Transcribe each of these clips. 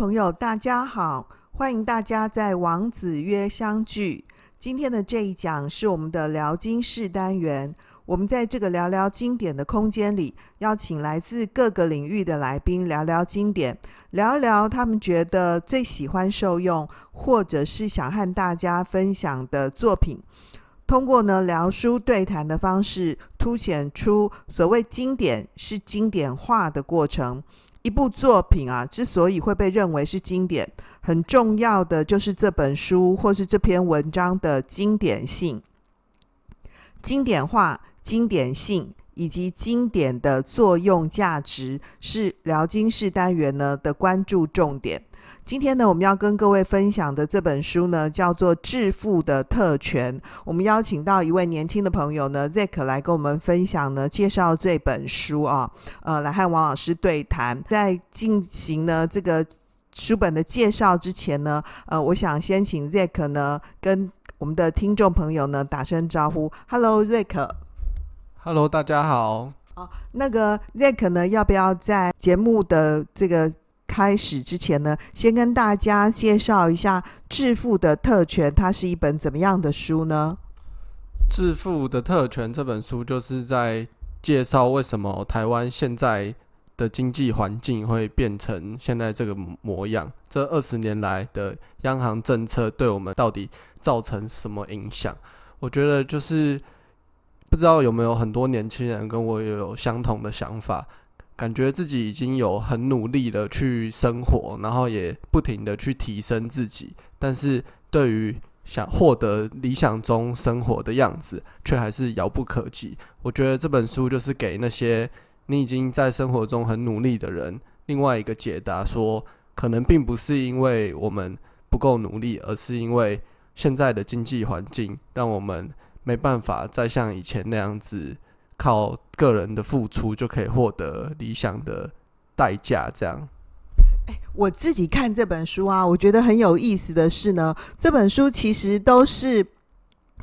朋友，大家好！歡迎大家在王子曰相聚。今天的這一講是我們的聊經室單元。我們在這個聊聊經典的空間裡，邀請來自各個領域的來賓聊聊經典，聊一聊他們覺得最喜歡受用，或者是想和大家分享的作品。通過呢聊書對談的方式，凸顯出所謂經典是經典化的過程。一部作品啊，之所以會被認為是經典，很重要的就是這本書或是這篇文章的經典性、經典化、經典性以及經典的作用價值，是遼金史單元呢的關注重點。今天呢，我們要跟各位分享的這本書呢，叫做《致富的特權》。我們邀請到一位年輕的朋友呢，Zick 來跟我們分享呢，介紹這本書啊，呃，來和王老師對談。在進行呢這個書本的介紹之前呢，呃，我想先請 Zick 呢，跟我們的聽眾朋友呢打聲招呼。Hello，Zick。Hello，大家好。好、哦，那個 Zick 呢，要不要在節目的這個？開始之前呢，先跟大家介紹一下《致富的特權》，它是一本怎麼樣的書呢？《致富的特權》這本書就是在介紹為什麼台灣現在的經濟環境會變成現在這個模樣，這二十年來的央行政策對我們到底造成什麼影響？我覺得就是不知道有沒有很多年輕人跟我也有相同的想法。感覺自己已經有很努力的去生活，然後也不停的去提升自己，但是對於想獲得理想中生活的樣子，卻還是遙不可及。我覺得這本書就是給那些你已經在生活中很努力的人另外一個解答，說可能並不是因為我們不夠努力，而是因為現在的經濟環境讓我們沒辦法再像以前那樣子。靠個人的付出就可以獲得理想的代價，這樣。欸，我自己看這本書啊，我覺得很有意思的是呢，這本書其實都是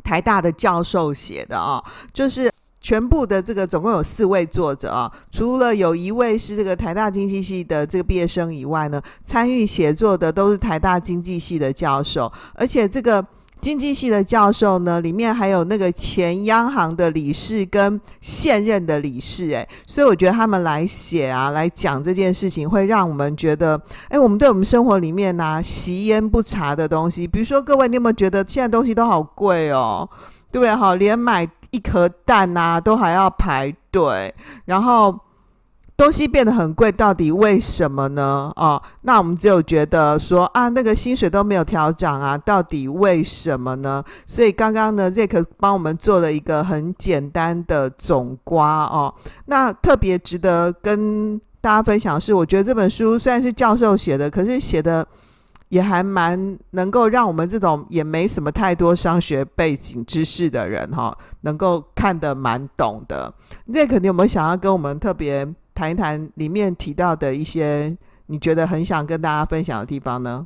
台大的教授寫的啊、哦，就是全部的這個總共有四位作者啊，除了有一位是這個台大經濟系的這個畢業生以外呢，參與寫作的都是台大經濟系的教授，而且這個。經濟系的教授呢，裡面還有那個前央行的理事跟現任的理事，誒，所以我覺得他們來寫啊，來講這件事情，會讓我們覺得，誒，我們對我們生活裡面吶、啊，習焉不察的東西，比如說，各位你有沒有覺得現在東西都好貴哦，對不對？好，連買一顆蛋吶、啊，都還要排隊，然後。東西變得很貴，到底為什麼呢？哦，那我們只有覺得說啊，那個薪水都沒有調整啊，到底為什麼呢？所以剛剛呢，Zick 幫我們做了一個很簡單的總括哦。那特別值得跟大家分享的是，我覺得這本書雖然是教授寫的，可是寫的也還蠻能夠讓我們這種也沒什麼太多商學背景知識的人哈、哦，能夠看得蠻懂的。Zick，你有沒有想要跟我們特別？談一談裡面提到的一些你覺得很想跟大家分享的地方呢？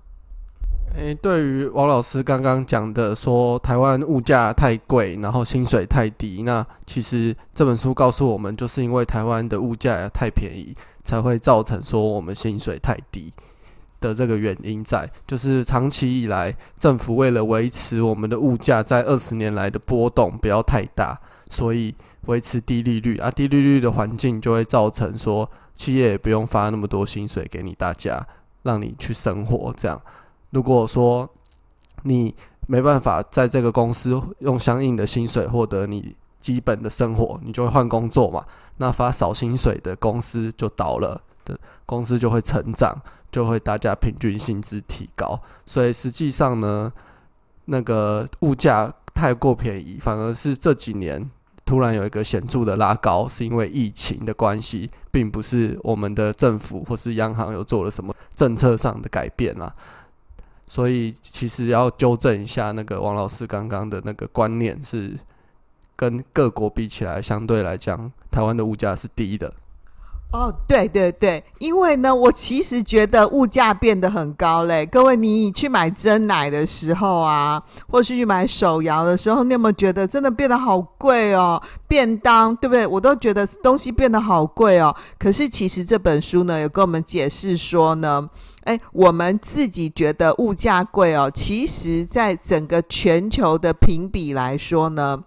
誒、欸，對於王老師剛剛講的說台灣物價太貴，然後薪水太低，那其實這本書告訴我們，就是因為台灣的物價太便宜，才會造成說我們薪水太低的這個原因在，就是長期以來政府為了維持我們的物價在二十年來的波動不要太大，所以。維持低利率啊，低利率的環境就會造成說，企業也不用發那麼多薪水給你大家，讓你去生活。這樣，如果說你沒辦法在這個公司用相應的薪水獲得你基本的生活，你就會換工作嘛。那發少薪水的公司就倒了，的公司就會成長，就會大家平均薪資提高。所以實際上呢，那個物價太過便宜，反而是這幾年。突然有一個顯著的拉高，是因為疫情的關係，並不是我們的政府或是央行有做了什麼政策上的改變啦。所以其實要糾正一下那個王老師剛剛的那個觀念是，是跟各國比起來，相對來講，台灣的物價是低的。哦，oh, 對對對，因為呢，我其實覺得物價變得很高嘞。各位，你去買珍奶的時候啊，或是去買手搖的時候，你有沒有覺得真的變得好貴哦？便當對不對？我都覺得東西變得好貴哦。可是其實這本書呢，有跟我們解釋說呢，誒，我們自己覺得物價貴哦，其實在整個全球的評比來說呢。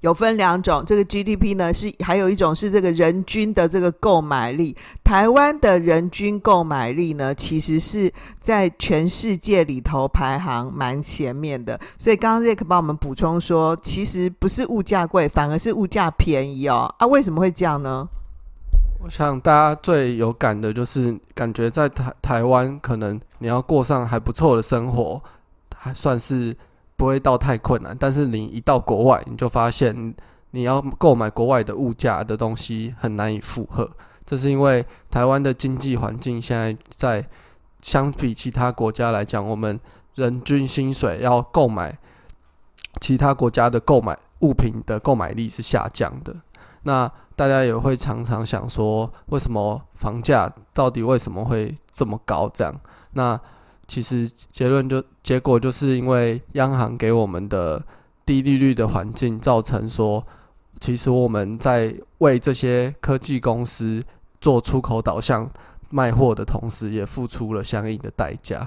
有分兩種，這個 GDP 呢是，還有一種是這個人均的這個購買力。台灣的人均購買力呢，其實是在全世界裡頭排行蠻前面的。所以剛剛 Zick 幫我們補充說，其實不是物價貴，反而是物價便宜哦。啊，為什麼會這樣呢？我想大家最有感的就是，感覺在台台灣，可能你要過上還不錯的生活，還算是。不會到太困難，但是你一到國外，你就發現你要購買國外的物價的東西很難以負荷。這是因為臺灣的經濟環境現在在相比其他國家來講，我們人均薪水要購買其他國家的購買物品的購買力是下降的。那大家也會常常想說，為什麼房價到底為什麼會這麼高？這樣那。其實結論就結果就是因為央行給我們的低利率的環境，造成說，其實我們在為這些科技公司做出口導向賣貨的同時，也付出了相應的代價。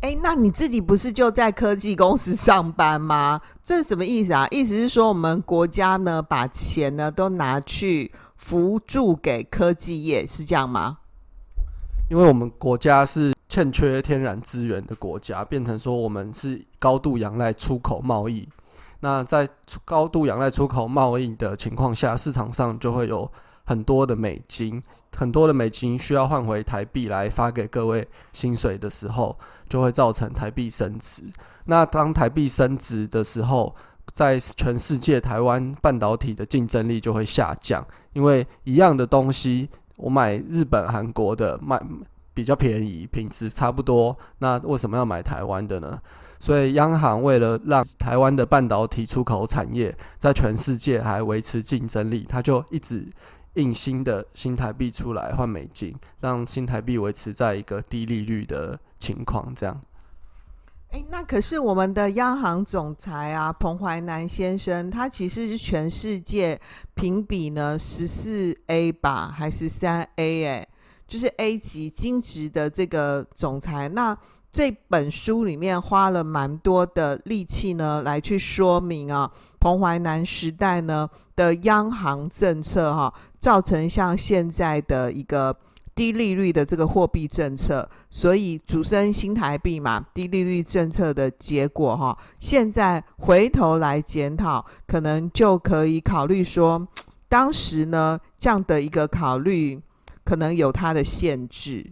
誒，那你自己不是就在科技公司上班嗎？這是什麼意思啊？意思是說，我們國家呢，把錢呢都拿去扶助給科技業，是這樣嗎？因為我們國家是。欠缺天然資源的國家，變成說我們是高度仰賴出口貿易。那在高度仰賴出口貿易的情況下，市場上就會有很多的美金，很多的美金需要換回台幣來發給各位薪水的時候，就會造成台幣升值。那當台幣升值的時候，在全世界台灣半導體的競爭力就會下降，因為一樣的東西，我買日本、韓國的賣，比較便宜，品質差不多，那為什麼要買台灣的呢？所以央行為了讓台灣的半導體出口產業在全世界還維持競爭力，他就一直印新的新台幣出來換美金，讓新台幣維持在一個低利率的情況。這樣，哎、欸，那可是我們的央行總裁啊，彭淮南先生，他其實是全世界評比呢十四 A 吧，還是三 A 誒、欸。就是 A 級金職的這個總裁，那這本書裡面花了蠻多的力氣呢，來去說明啊，彭淮南時代呢的央行政策哈、啊，造成像現在的一個低利率的這個貨幣政策，所以阻升新台幣嘛，低利率政策的結果哈、啊，現在回頭來檢討，可能就可以考慮說，當時呢這樣的一個考慮。可能有它的限制，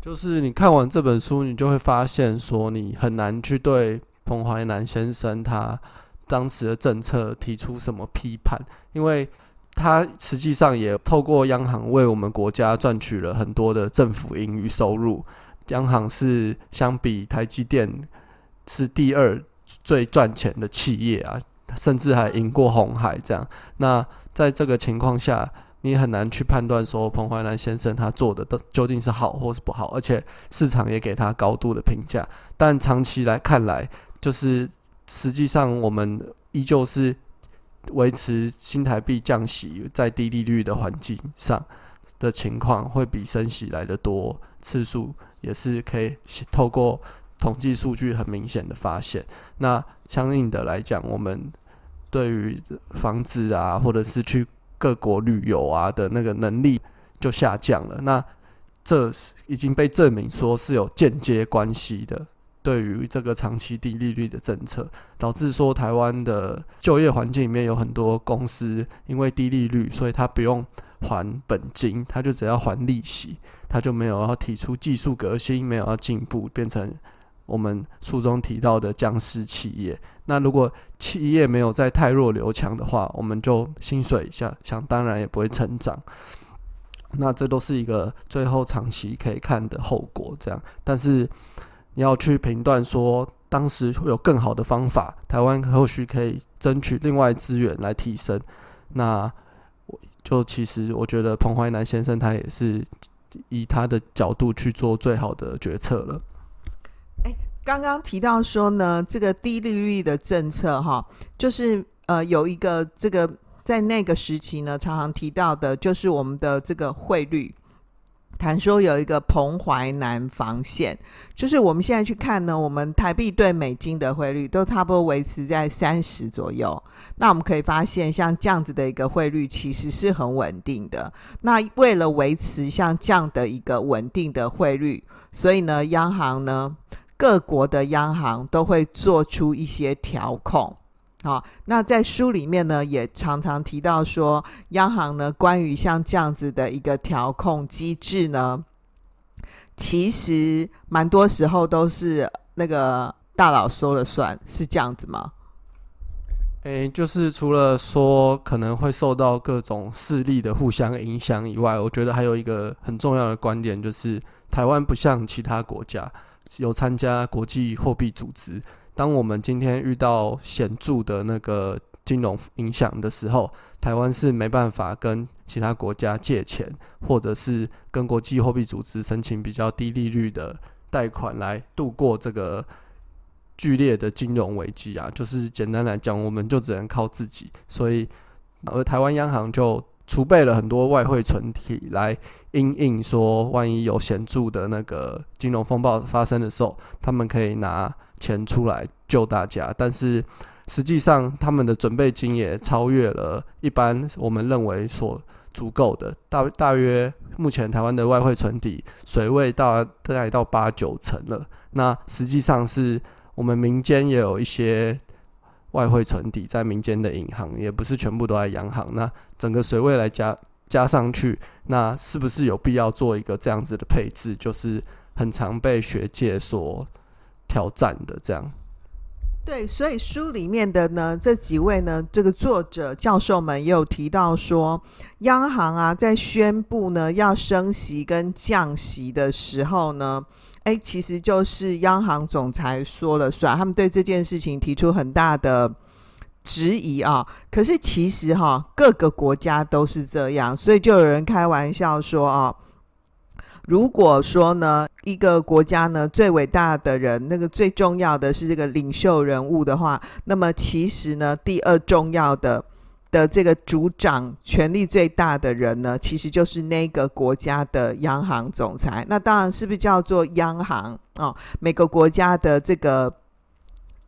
就是你看完這本書，你就會發現說，你很難去對彭淮南先生他當時的政策提出什麼批判，因為他實際上也透過央行為我們國家賺取了很多的政府盈餘收入。央行是相比台積電是第二最賺錢的企業啊，甚至還贏過鴻海這樣。那在這個情況下。你很難去判斷說彭淮南先生他做的都究竟是好或是不好，而且市場也給他高度的評價。但長期來看來，就是實際上我們依舊是維持新台幣降息，在低利率的環境上的情況，會比升息來得多次數，也是可以透過統計數據很明顯的發現。那相應的來講，我們對於房子啊，或者是去各國旅遊啊的那個能力就下降了，那這已經被證明說是有間接關係的。對於這個長期低利率的政策，導致說台灣的就業環境裡面有很多公司因為低利率，所以他不用還本金，他就只要還利息，他就沒有要提出技術革新，沒有要進步，變成我們書中提到的僵屍企業。那如果企業沒有在汰弱留強的話，我們就薪水一下想當然也不會成長。那這都是一個最後長期可以看的後果。這樣，但是你要去評斷說當時會有更好的方法，台灣後續可以爭取另外資源來提升。那我就其實我覺得彭淮南先生他也是以他的角度去做最好的決策了。剛剛提到說呢，這個低利率的政策哈、哦，就是呃有一個這個在那個時期呢，常常提到的就是我們的這個匯率，談說有一個彭淮南防線。就是我們現在去看呢，我們台幣對美金的匯率都差不多維持在三十左右。那我們可以發現，像這樣子的一個匯率其實是很穩定的。那為了維持像這樣的一個穩定的匯率，所以呢，央行呢。各國的央行都會做出一些調控，好，那在書裡面呢，也常常提到說，央行呢關於像這樣子的一個調控機制呢，其實蠻多時候都是那個大佬說了算，是這樣子嗎？誒、欸，就是除了說可能會受到各種勢力的互相影響以外，我覺得還有一個很重要的觀點，就是台灣不像其他國家。有參加國際貨幣組織。當我們今天遇到顯著的那個金融影響的時候，台灣是沒辦法跟其他國家借錢，或者是跟國際貨幣組織申請比較低利率的貸款來度過這個劇烈的金融危機啊。就是簡單來講，我們就只能靠自己，所以而台灣央行就。儲備了很多外匯存底來因應說，萬一有顯著的那個金融風暴發生的時候，他們可以拿錢出來救大家。但是實際上，他們的準備金也超越了一般我們認為所足夠的。大大約目前台灣的外匯存底水位到大概到八九成了。那實際上是，我們民間也有一些。外匯存底在民間的銀行也不是全部都在央行，那整個水位來加加上去，那是不是有必要做一個這樣子的配置？就是很常被學界所挑戰的這樣。對，所以書裡面的呢，這幾位呢，這個作者教授們也有提到說，央行啊在宣布呢要升息跟降息的時候呢。哎，其實就是央行總裁說了算，他們對這件事情提出很大的質疑啊。可是其實哈，各個國家都是這樣，所以就有人開玩笑說啊，如果說呢，一個國家呢，最偉大的人，那個最重要的是這個領袖人物的話，那麼其實呢，第二重要的。的這個主掌權力最大的人呢，其實就是那個國家的央行總裁。那當然是不是叫做央行哦？每個國家的這個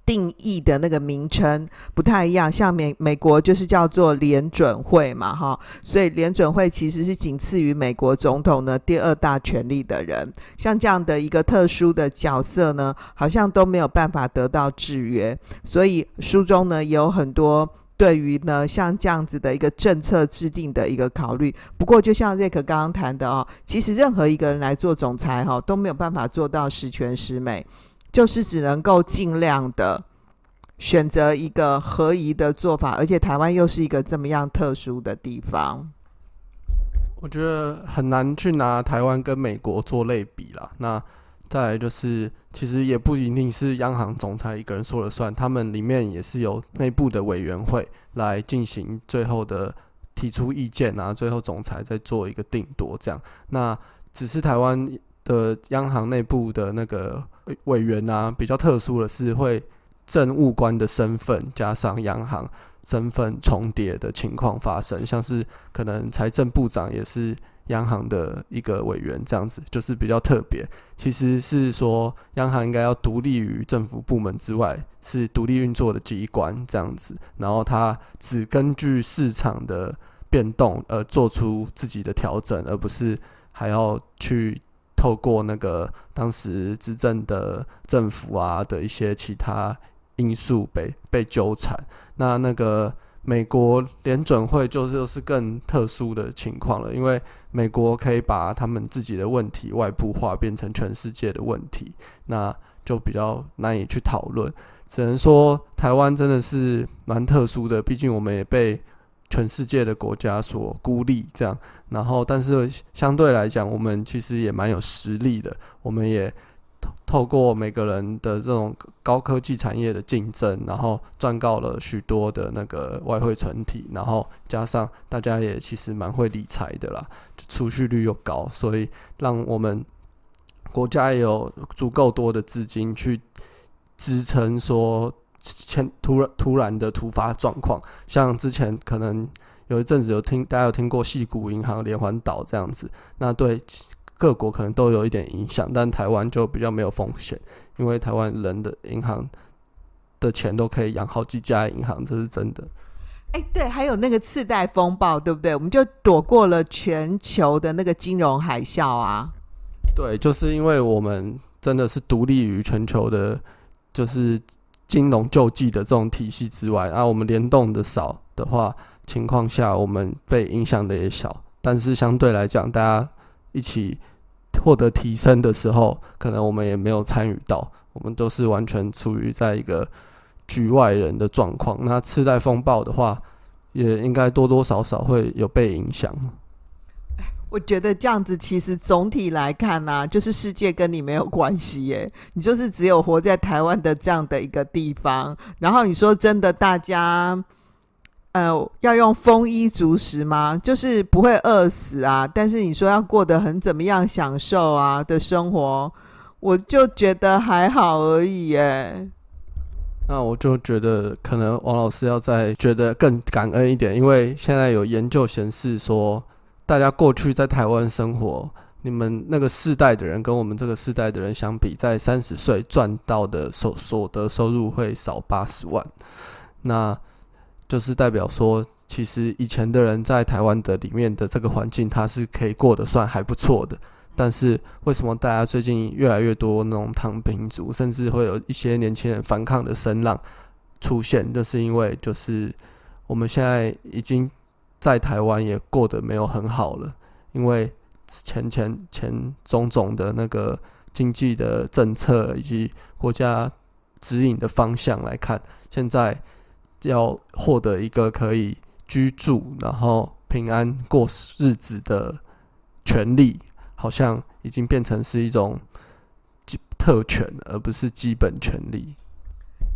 定義的那個名稱不太一樣。像美美國就是叫做聯準會嘛，哈、哦。所以聯準會其實是僅次於美國總統的第二大權力的人。像這樣的一個特殊的角色呢，好像都沒有辦法得到制約。所以書中呢有很多。對於呢，像這樣子的一個政策制定的一個考慮，不過就像 Zick 剛剛談的哦，其實任何一個人來做總裁哈、哦，都沒有辦法做到十全十美，就是只能夠盡量的選擇一個合宜的做法，而且台灣又是一個這麼樣特殊的地方，我覺得很難去拿台灣跟美國做類比啦。那。再來就是，其實也不一定是央行總裁一個人說了算，他們裡面也是由內部的委員會來進行最後的提出意見啊，最後總裁再做一個定奪。這樣，那只是台灣的央行內部的那個委員啊，比較特殊的是會政務官的身份加上央行身份重疊的情況發生，像是可能財政部長也是央行的一個委員，這樣子就是比較特別。其實是說，央行應該要獨立於政府部門之外，是獨立運作的機關這樣子。然後他只根據市場的變動而、呃、做出自己的調整，而不是還要去透過那個當時執政的政府啊的一些其他因素被被糾纏。那那個。美國聯準會就是又是更特殊的情況了，因為美國可以把他們自己的問題外部化，變成全世界的問題，那就比較難以去討論。只能說台灣真的是蠻特殊的，畢竟我們也被全世界的國家所孤立，這樣。然後，但是相對來講，我們其實也蠻有實力的，我們也。透透過每個人的這種高科技產業的競爭，然後賺到了許多的那個外匯存底，然後加上大家也其實蠻會理財的啦，儲蓄率又高，所以讓我們國家也有足夠多的資金去支撐說前突然突然的突發狀況，像之前可能有一陣子有聽大家有聽過矽谷銀行連環倒這樣子，那對。各國可能都有一點影響，但台灣就比較沒有風險，因為台灣人的銀行的錢都可以養好幾家銀行，這是真的。哎，對，還有那個次貸風暴，對不對？我們就躲過了全球的那個金融海嘯啊！對，就是因為我們真的是獨立於全球的，就是金融救濟的這種體系之外啊。我們聯動的少的話，情況下我們被影響的也小，但是相對來講，大家。一起獲得提升的時候，可能我們也沒有參與到，我們都是完全處於在一個局外人的狀況。那次貸風暴的話，也應該多多少少會有被影響。我覺得這樣子其實總體來看呢、啊，就是世界跟你沒有關係，哎，你就是只有活在台灣的這樣的一個地方。然後你說真的，大家。呃，要用豐衣足食嗎？就是不會餓死啊。但是你說要過得很怎麼樣享受啊的生活，我就覺得還好而已耶。那我就覺得可能王老師要再覺得更感恩一點，因為現在有研究顯示說，大家過去在台灣生活，你們那個世代的人跟我們這個世代的人相比，在三十歲賺到的所、所得收入會少八十萬。那就是代表說，其實以前的人在台灣的裡面的這個環境，他是可以過得算還不錯的。但是為什麼大家最近越來越多那種躺平族，甚至會有一些年輕人反抗的聲浪出現？就是因為就是我們現在已經在台灣也過得沒有很好了，因為前前前種種的那個經濟的政策以及國家指引的方向來看，現在。要獲得一個可以居住、然後平安過日子的權利，好像已經變成是一種特權，而不是基本權利。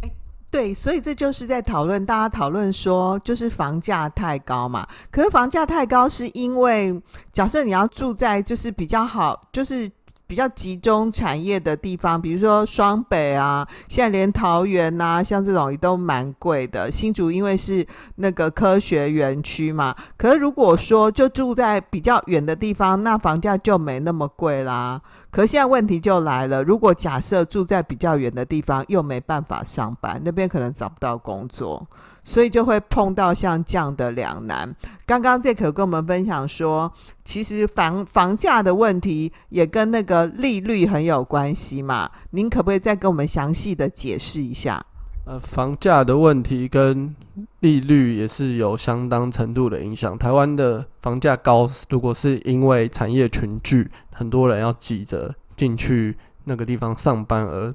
欸，對，所以這就是在討論，大家討論說，就是房價太高嘛。可是房價太高，是因為假設你要住在就是比較好，就是。比較集中產業的地方，比如說雙北啊，現在連桃園啊，像這種也都蠻貴的。新竹因為是那個科學園區嘛，可是如果說就住在比較遠的地方，那房價就沒那麼貴啦。可是現在問題就來了，如果假設住在比較遠的地方，又沒辦法上班，那邊可能找不到工作。所以就會碰到像這樣的兩難。剛剛 Zick 跟我們分享說，其實房房價的問題也跟那個利率很有關係嘛。您可不可以再跟我們詳細的解釋一下？呃，房價的問題跟利率也是有相當程度的影響。台灣的房價高，如果是因為產業群聚，很多人要擠着進去那個地方上班而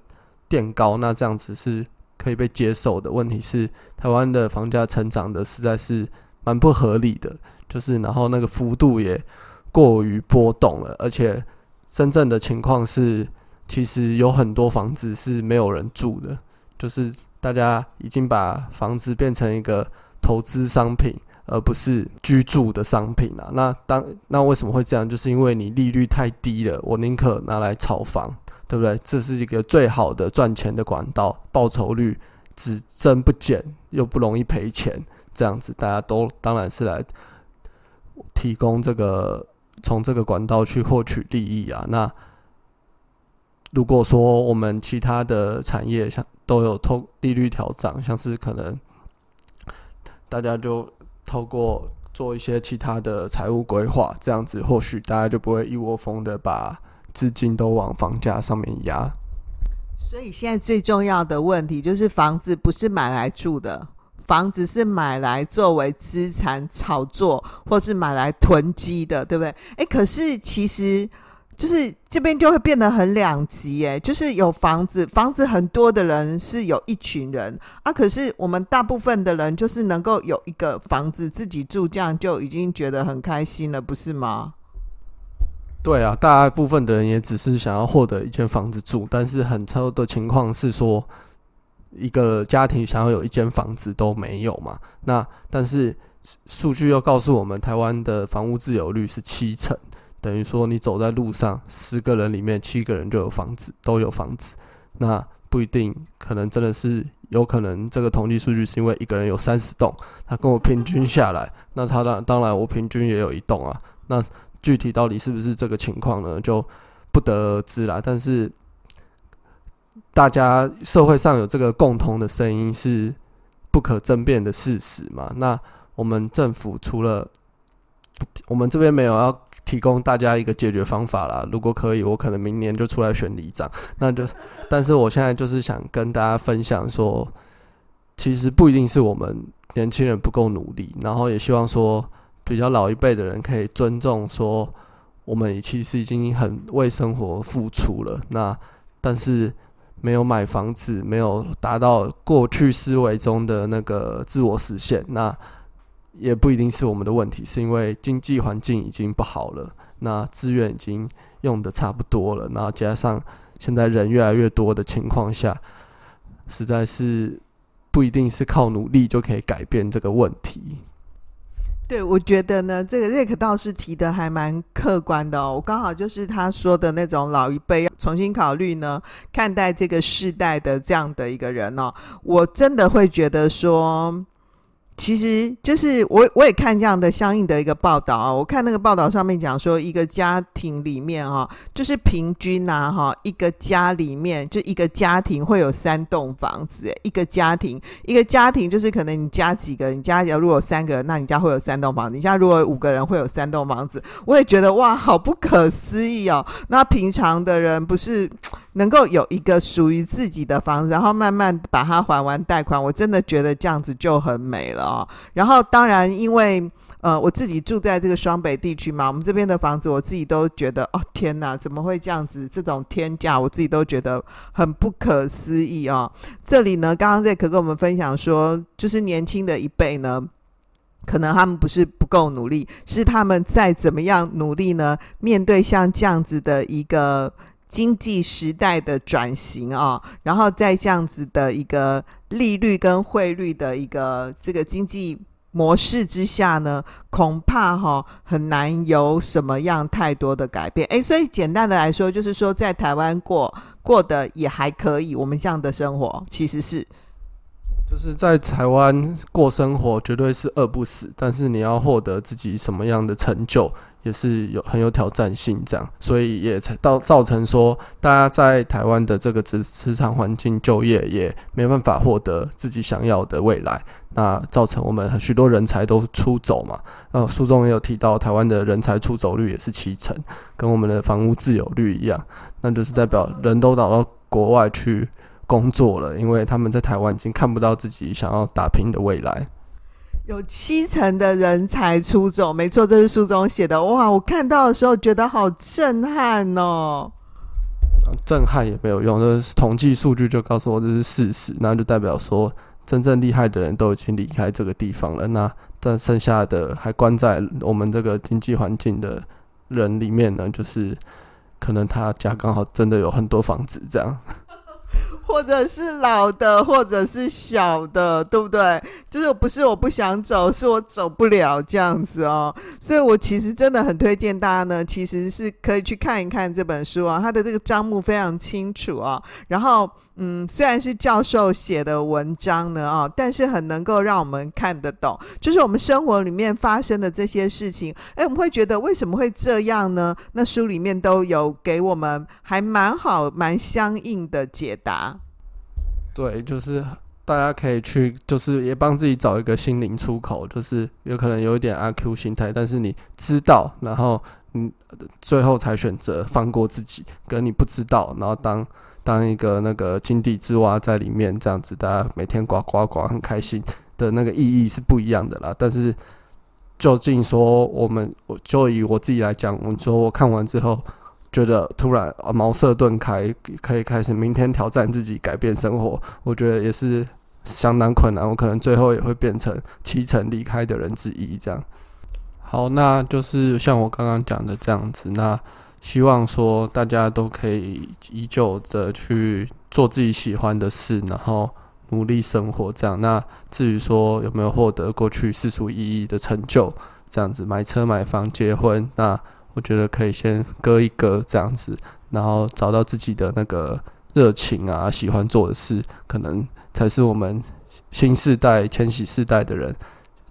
墊高，那這樣子是。可以被接受的問題是，台灣的房價成長的實在是蠻不合理的，就是然後那個幅度也過於波動了，而且深圳的情況是，其實有很多房子是沒有人住的，就是大家已經把房子變成一個投資商品，而不是居住的商品了，啊。那當那為什麼會這樣？就是因為你利率太低了，我寧可拿來炒房。對不對？這是一個最好的賺錢的管道，報酬率只增不減，又不容易賠錢，這樣子大家都當然是來提供這個從這個管道去獲取利益啊。那如果說我們其他的產業像都有通利率調整，像是可能大家就透過做一些其他的財務規劃，這樣子或許大家就不會一窩蜂的把。資金都往房價上面壓，所以現在最重要的問題就是房子不是買來住的，房子是買來作為資產炒作，或是買來囤積的，對不對？哎、欸，可是其實就是這邊就會變得很兩極，哎，就是有房子，房子很多的人是有一群人啊，可是我們大部分的人就是能夠有一個房子自己住，這樣就已經覺得很開心了，不是嗎？對啊，大部分的人也只是想要獲得一間房子住，但是很超的情況是說，一個家庭想要有一間房子都沒有嘛。那但是數據又告訴我們，台灣的房屋自有率是七成，等於說你走在路上，十個人裡面七個人就有房子，都有房子。那不一定，可能真的是有可能這個統計數據是因為一個人有三十棟，他跟我平均下來，那他當當然我平均也有一棟啊，那。具體到底是不是這個情況呢？就不得而知啦。但是，大家社會上有這個共同的聲音是不可爭辯的事實嘛。那我們政府除了我們這邊沒有要提供大家一個解決方法啦。如果可以，我可能明年就出來選里長。那就，但是我現在就是想跟大家分享說，其實不一定是我們年輕人不夠努力，然後也希望說。比較老一輩的人可以尊重說，我們其實已經很為生活付出了。那但是沒有買房子，沒有達到過去思維中的那個自我實現，那也不一定是我們的問題，是因為經濟環境已經不好了，那資源已經用得差不多了，那加上現在人越來越多的情況下，實在是不一定是靠努力就可以改變這個問題。對，我覺得呢，這個 Zick 倒是提的還蠻客觀的哦。我剛好就是他說的那種老一輩要重新考慮呢，看待這個世代的這樣的一個人哦，我真的會覺得說。其實就是我我也看這樣的相應的一個報道啊，我看那個報道上面講說，一個家庭裡面哦、啊，就是平均拿哈，一個家裡面就一個家庭會有三棟房子，一個家庭一個家庭就是可能你家幾個人，你家如果有三個人，那你家會有三棟房子，你家如果五個人會有三棟房子，我也覺得哇，好不可思議哦。那平常的人不是能夠有一個屬於自己的房子，然後慢慢把它還完貸款，我真的覺得這樣子就很美了。啊、哦，然後當然，因為呃，我自己住在這個雙北地區嘛，我們這邊的房子我自己都覺得，哦天哪，怎麼會這樣子？這種天價，我自己都覺得很不可思議啊、哦！這裡呢，剛剛 Zick 跟我們分享說，就是年輕的一輩呢，可能他們不是不夠努力，是他們再怎麼樣努力呢，面對像這樣子的一個經濟時代的轉型啊、哦，然後在這樣子的一個利率跟匯率的一個這個經濟模式之下呢，恐怕哈、哦，很難有什麼樣太多的改變。誒，所以簡單的來說，就是說在台灣過過得也還可以，我們這樣的生活其實是就是在台灣過生活絕對是餓不死，但是你要獲得自己什麼樣的成就？也是有很有挑戰性，這樣，所以也才到造成說，大家在台灣的這個職職場環境就業也沒辦法獲得自己想要的未來，那造成我們許多人才都出走嘛。呃、啊，書中也有提到，台灣的人才出走率也是七成，跟我們的房屋自有率一樣，那就是代表人都倒到國外去工作了，因為他們在台灣已經看不到自己想要打拼的未來。有七成的人才出走，沒錯，這是書中寫的。哇，我看到的時候覺得好震撼哦、喔！震撼也沒有用，這、就是、統計數據就告訴我這是事實，那就代表說真正厲害的人都已經離開這個地方了。那但剩下的還關在我們這個經濟環境的人裡面呢，就是可能他家剛好真的有很多房子這樣。或者是老的，或者是小的，對不對？就是不是我不想走，是我走不了這樣子哦。所以我其實真的很推薦大家呢，其實是可以去看一看這本書啊，它的這個章目非常清楚哦，然後。嗯，雖然是教授寫的文章呢哦，但是很能夠讓我們看得懂，就是我們生活裡面發生的這些事情，哎、欸，我們會覺得為什麼會這樣呢？那書裡面都有給我們還蠻好、蠻相應的解答。對，就是大家可以去，就是也幫自己找一個心靈出口，就是有可能有一點阿 Q 心態，但是你知道，然後嗯，最後才選擇放過自己，跟你不知道，然後當。當一個那個井底之蛙在裡面這樣子，大家每天呱呱呱很開心的那個意義是不一樣的啦。但是，就近說我們，我就以我自己來講，我說我看完之後，覺得突然茅塞頓開，可以開始明天挑戰自己，改變生活。我覺得也是相當困難，我可能最後也會變成七成離開的人之一。這樣，好，那就是像我剛剛講的這樣子，那。希望說，大家都可以依舊的去做自己喜歡的事，然後努力生活這樣。那至於說有沒有獲得過去世俗意義的成就，這樣子買車買房結婚，那我覺得可以先擱一擱這樣子，然後找到自己的那個熱情啊，喜歡做的事，可能才是我們新世代、千禧世代的人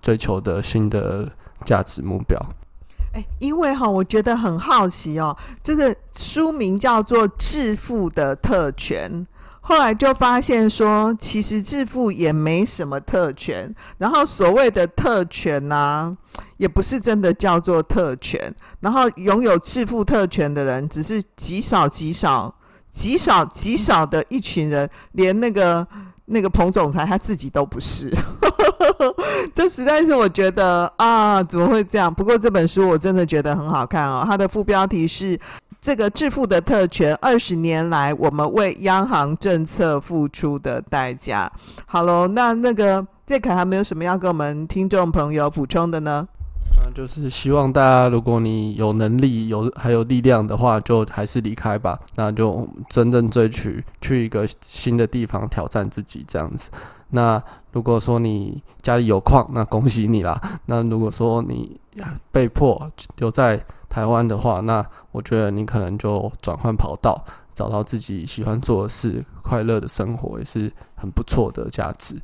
追求的新的價值目標。因為哈、哦，我覺得很好奇哦。這個書名叫做《致富的特權》，後來就發現說，其實致富也沒什麼特權。然後所謂的特權呢、啊，也不是真的叫做特權。然後擁有致富特權的人，只是極少極少、極少極少的一群人，連那個。那個彭總裁他自己都不是， 這實在是我覺得啊，怎麼會這樣？不過這本書我真的覺得很好看哦。它的副標題是《這個致富的特權：二十年來我們為央行政策付出的代價》。好嘍，那那個 Zick 還沒有什麼要跟我們聽眾朋友補充的呢？那就是希望大家，如果你有能力、有還有力量的話，就還是離開吧。那就真正追求去一個新的地方挑戰自己這樣子。那如果說你家裡有礦，那恭喜你啦。那如果說你被迫留在台灣的話，那我覺得你可能就轉換跑道，找到自己喜歡做的事，快樂的生活也是很不錯的價值。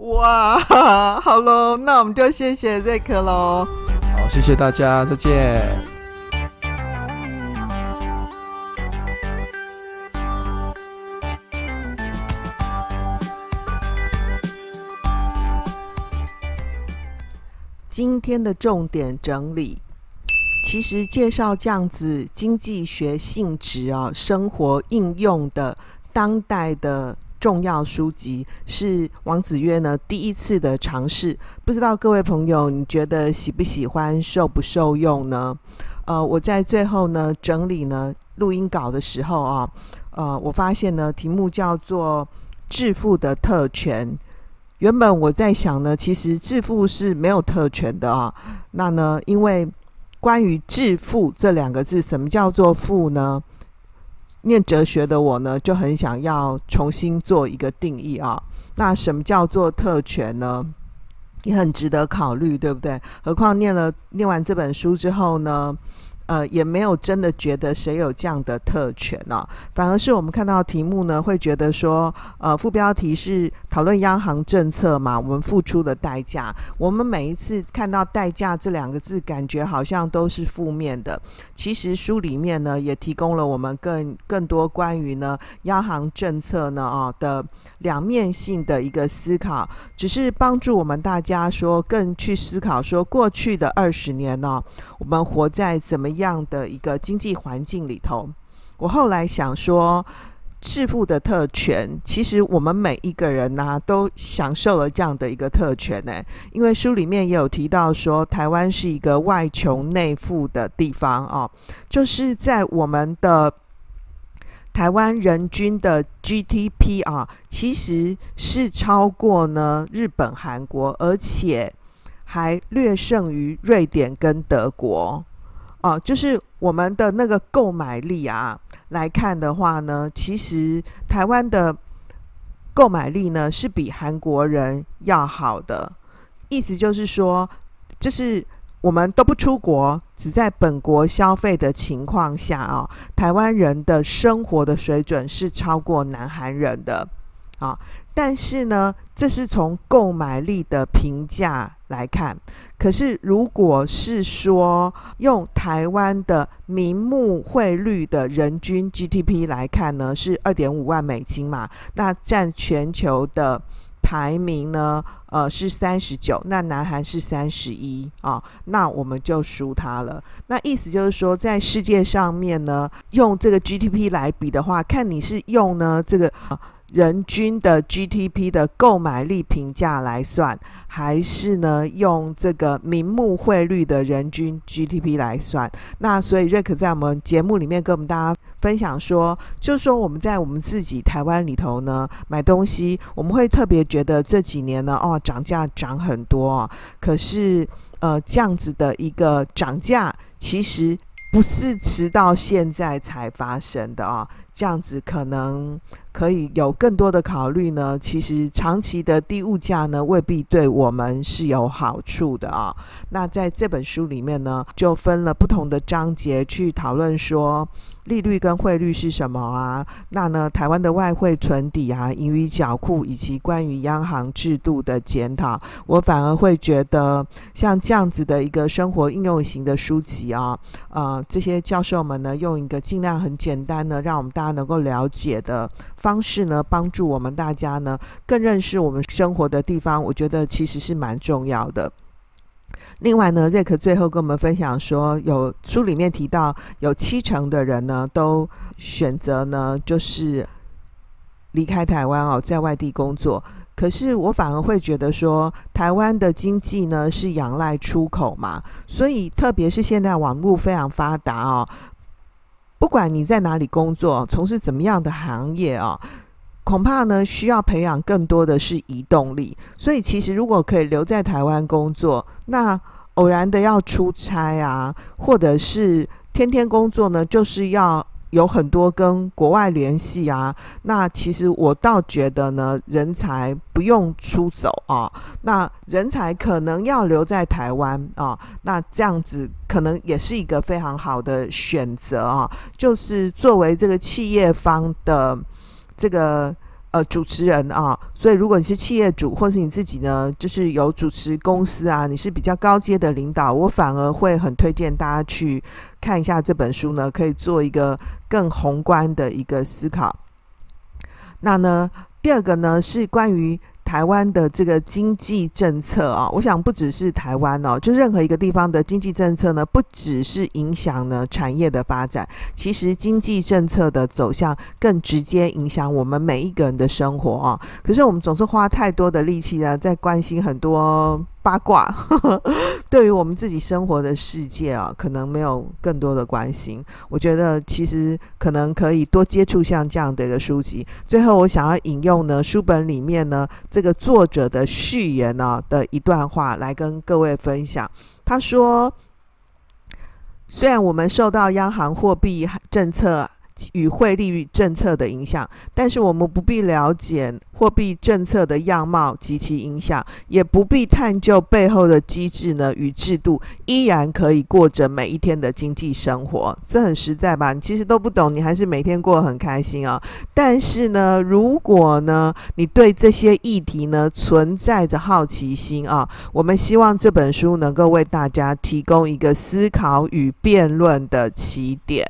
哇，好嘍，那我們就謝謝 Zick 嘍。好，謝謝大家，再見。今天的重點整理，其實介紹這樣子經濟學性質啊，生活應用的當代的。重要書籍是王子曰呢第一次的嘗試，不知道各位朋友你覺得喜不喜歡、受不受用呢？呃，我在最後呢整理呢錄音稿的時候啊，呃，我發現呢題目叫做《致富的特權》，原本我在想呢，其實致富是沒有特權的啊。那呢，因為關於“致富”這兩個字，什麼叫做“富”呢？念哲學的我呢，就很想要重新做一個定義啊。那什麼叫做特權呢？也很值得考慮，對不對？何況念了，念完這本書之後呢？呃，也沒有真的覺得誰有這樣的特權呢？反而是我們看到題目呢，會覺得說，呃，副標題是討論央行政策嘛？我們付出的代價，我們每一次看到“代價”這兩個字，感覺好像都是負面的。其實書裡面呢，也提供了我們更更多關於呢央行政策呢啊的兩面性的一個思考，只是幫助我們大家說，更去思考說過去的二十年呢，我們活在怎麼。樣的一個經濟環境裡頭，我後來想說，致富的特權，其實我們每一個人呢、啊，都享受了這樣的一個特權呢、欸。因為書裡面也有提到說，台灣是一個外窮內富的地方哦、啊，就是在我們的台灣人均的 GDP 啊，其實是超過呢日本、韓國，而且還略勝於瑞典跟德國。哦，就是我們的那個購買力啊，來看的話呢，其實台灣的購買力呢，是比韓國人要好的。意思就是說，就是我們都不出國，只在本國消費的情況下啊、哦，台灣人的生活的水準是超過南韓人的。啊，但是呢，這是從購買力的評價來看。可是，如果是說用台灣的名目匯率的人均 GDP 來看呢，是二點五萬美金嘛？那佔全球的排名呢？呃，是三十九。那南韓是三十一啊，那我們就輸他了。那意思就是說，在世界上面呢，用這個 GDP 來比的話，看你是用呢這個。啊人均的 GDP 的購買力平價來算，還是呢用這個名目匯率的人均 GDP 來算？那所以 Zick 在我們節目裡面跟我們大家分享說，就是說我們在我們自己台灣裡頭呢買東西，我們會特別覺得這幾年呢哦漲價漲很多，哦，可是呃這樣子的一個漲價其實不是直到現在才發生的啊，哦。這樣子可能可以有更多的考慮呢。其實長期的低物價呢，未必對我們是有好處的啊。那在這本書裡面呢，就分了不同的章節去討論說利率跟匯率是什麼啊。那呢，台灣的外匯存底啊、盈餘繳庫以及關於央行制度的檢討，我反而會覺得像這樣子的一個生活應用型的書籍啊、啊、呃，這些教授們呢，用一個盡量很簡單的，讓我們大他能夠了解的方式呢，幫助我們大家呢，更認識我們生活的地方，我覺得其實是蠻重要的。另外呢，Zick 最後跟我們分享說，有書裡面提到，有七成的人呢都選擇呢，就是離開台灣哦，在外地工作。可是我反而會覺得說，台灣的經濟呢是仰賴出口嘛，所以特別是現在網絡非常發達哦。不管你在哪裡工作，從事怎麼樣的行業啊、哦，恐怕呢需要培養更多的是移動力。所以，其實如果可以留在台灣工作，那偶然的要出差啊，或者是天天工作呢，就是要。有很多跟國外聯繫啊，那其實我倒覺得呢，人才不用出走啊，那人才可能要留在台灣啊，那這樣子可能也是一個非常好的選擇啊，就是作為這個企業方的這個。呃，主持人啊，所以如果你是企業主或是你自己呢，就是有主持公司啊，你是比較高階的領導，我反而會很推薦大家去看一下這本書呢，可以做一個更宏觀的一個思考。那呢，第二個呢是關於。台灣的這個經濟政策啊，我想不只是台灣哦，就任何一個地方的經濟政策呢，不只是影響呢產業的發展，其實經濟政策的走向更直接影響我們每一個人的生活啊。可是我們總是花太多的力氣呢，在關心很多。八卦， 對於我們自己生活的世界啊，可能沒有更多的關心。我覺得其實可能可以多接觸像這樣的一個書籍。最後，我想要引用呢書本裡面呢這個作者的序言呢、啊、的一段話來跟各位分享。他說：“雖然我們受到央行貨幣政策。”與匯率政策的影響，但是我們不必了解貨幣政策的樣貌及其影響，也不必探究背後的機制呢與制度，依然可以過着每一天的經濟生活，這很實在吧？你其實都不懂，你還是每天過得很開心啊、哦。但是呢，如果呢，你對這些議題呢存在着好奇心啊，我們希望這本書能夠為大家提供一個思考與辯論的起點。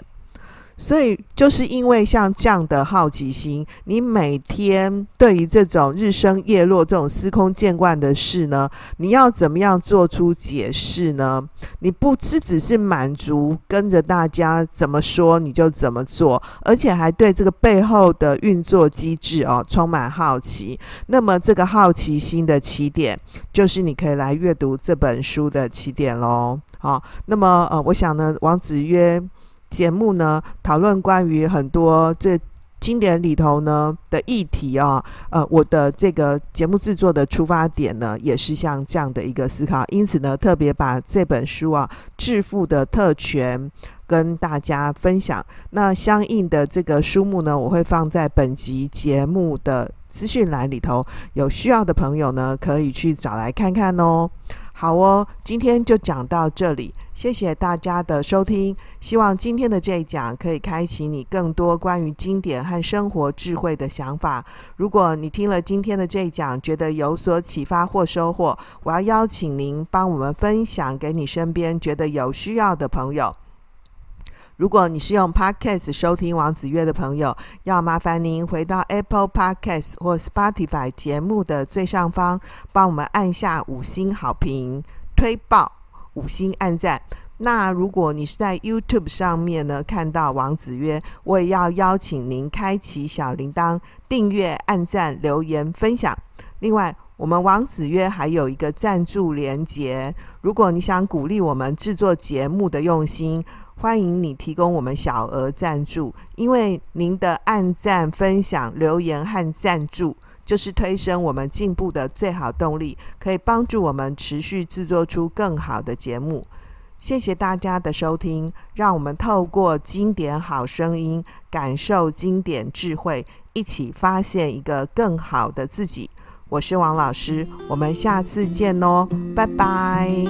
所以，就是因為像這樣的好奇心，你每天對於這種日升夜落這種司空見慣的事呢，你要怎麼樣做出解釋呢？你不只只是滿足跟着大家怎麼說你就怎麼做，而且還對這個背後的運作機制哦充滿好奇。那麼，這個好奇心的起點，就是你可以來閱讀這本書的起點嘍。好，那麼呃，我想呢，王子曰。節目呢，討論關於很多這經典裡頭呢的議題啊、哦，呃，我的這個節目制作的出發點呢，也是像這樣的一個思考，因此呢，特別把這本書啊《致富的特權》跟大家分享。那相應的這個書目呢，我會放在本集節目的資訊欄裡頭，有需要的朋友呢，可以去找來看看哦。好哦，今天就講到這裡，謝謝大家的收聽。希望今天的這一講可以開啟你更多關於經典和生活智慧的想法。如果你聽了今天的這一講，覺得有所啟發或收穫，我要邀請您幫我們分享給你身邊覺得有需要的朋友。如果你是用 Podcast 收聽王子曰的朋友，要麻煩您回到 Apple Podcast 或 Spotify 節目的最上方，幫我們按下五星好評、推爆、五星按讚。那如果你是在 YouTube 上面呢，看到王子曰，我也要邀請您開啟小鈴鐺、訂閱、按讚、留言、分享。另外，我們王子曰還有一個贊助連結，如果你想鼓勵我們製作節目的用心。歡迎你提供我們小額贊助，因為您的按讚、分享、留言和贊助，就是推升我們進步的最好動力，可以幫助我們持續製作出更好的節目。謝謝大家的收聽，讓我們透過經典好聲音，感受經典智慧，一起發現一個更好的自己。我是王老師，我們下次見哦，拜拜。